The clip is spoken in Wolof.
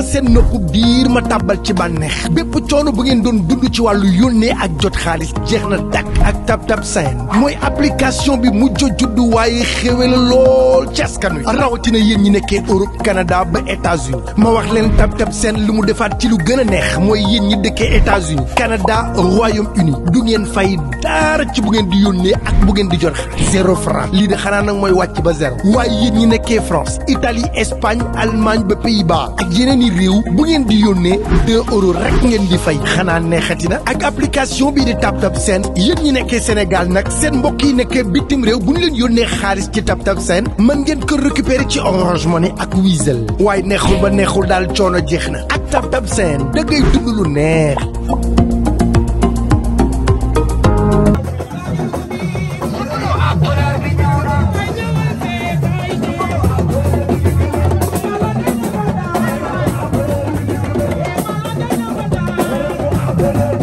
ma seen noppu biir ma tàbbal ci bànneex bépp coono bu ngeen doon dund ci wàllu yónnee ak jot xaalis jeex na dakk ak Tab Tab Send mooy application bi mu mujj juddu waaye xéwe la lool ci askan wi rawatina yéen ñi nekkee Europe Canada ba États-Unis ma wax leen Tab Tab Send li mu defaat ci lu gën a neex mooy yéen ñi dëkkee États-Unis Canada Royaume-Uni du ngeen fay dara ci bu ngeen di yónnee ak bu ngeen di jot xaalis zéro franc lii di xanaa nag mooy wàcc ba zéro waaye yéen ñi nekkee France Italie Espagne Allemagne ba biir réew bu ngeen di yónnee 2 euros rek ngeen di fay xanaa neexati na ak application bii di TapTap Send yéen ñi nekkee Sénégal nag seen mbokk yi nekkee bitim réew bu ñu leen yónnee xaalis ci TapTap seen man ngeen ko récupérer ci Orange Money ak Wizall waaye neexul ba neexul daal coono jeex na ak TapTap Send da ngay dund lu neex. Thank you.